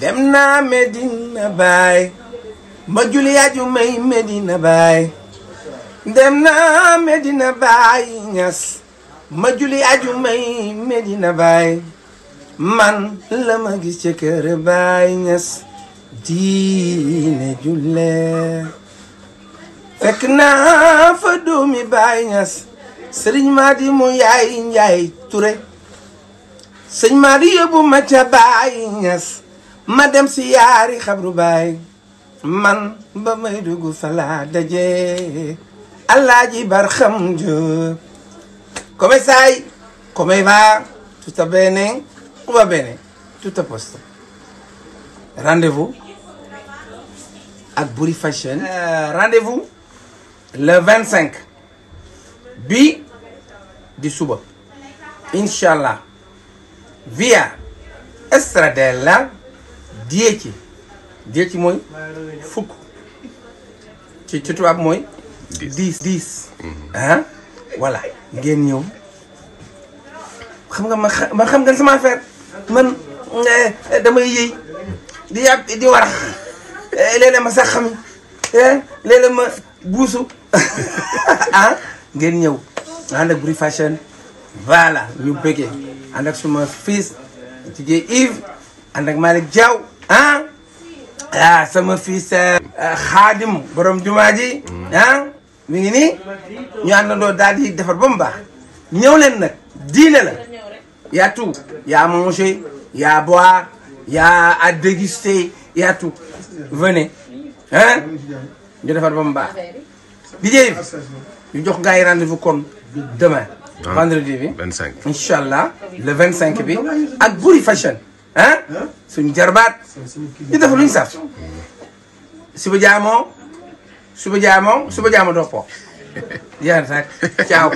dem naa Medina Baay ma julli aju may Medina Baay dem naa Medina Baay ñas ma julli aju may Medina Baay man la ma gis ca kër Baay ñas diine naa fa doomi Baay ñas sëriñ maa di mu yaay njaay ture sëriñ maa di yóbbu ma Baay ñas ma dem si yaari xabru baay man ba may dugg fa laa daje Alaaji Barxam Jóob come stai come va tutto bene va bene tutto a posto ak Buri Fashion euh, rendez-vous le 25 bi di suba incha allah via Stradella diye ci diye ci mooy fukk ci ci tubaab mooy dix dix mhm. ah voilà ngeen ñëw xam nga ma xam nga sama affaire man eh, damay yëy di yàpp di warax eh, léeg ma sax xam eh, léeg ma buusu ah ngeen ñëw ànd ak Boury Fashion voilà ñu bëggee ànd ak suma fils ci Yves ànd ak Malick Diaw ah ah sama fils xaadim euh, borom jumaa ji mm. ah mi ngi nii ñu àndandoo daal di defar bomba mu baax ñëw leen nag diine la y'a tout y'a manger y'a boire y'a à y'a tout venez ah defar ba bi baax di jëy ñu jox gars yi rendez demain ah, vendredi bi 25 incha allah le 25 bi ak Boury Fashion ah suñ jarbaat ñu def luñ saf suba jaamoo suba jaamoo suba jaamoo doo po yaa nag caaw.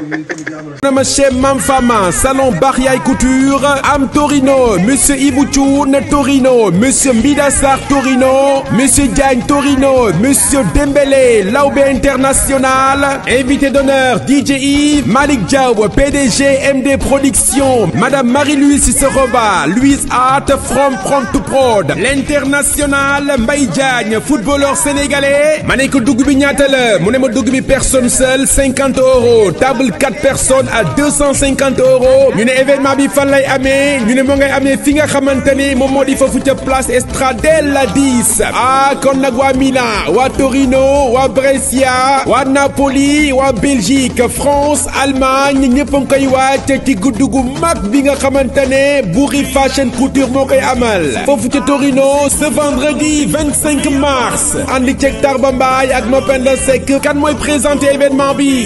monsieur Mam Fama salon Bakhyai Couture am Torino monsieur Ibou Thioune Torino monsieur Mbida Sarr Torino monsieur Diagne Torino monsieur Dembélé Lawbe international invité d'honneur DJ Yves Malick Diaw PDG MD Production madame Marie-Louise Sisserova Louise Hart from Front to Prod l'international Mbaye Diagne footballeur sénégalais ma ne ko dugg bi ñaata la mu ne ma dugg bi personne seule cinq 250 euros table 4 personnes à 250 euros ñu ne événement bi fan lay amee ñu ne moo ngay amee fi nga xamante ni moom moo di foofu ca place Stradelle la 10 ah kon nag waa Milan waa Torino waa Brescia waa Napoli waa Belgique France Allemagne ñëpp a ngi koy wàcc ci guddi gu mag bi nga xamante ne Bourri Fashion Couture moo koy amal foofu ca Torino ce vendredi 25 mars ànd ceeg Tarba Mbaye ak Mapenda kan mooy présenter événement bi.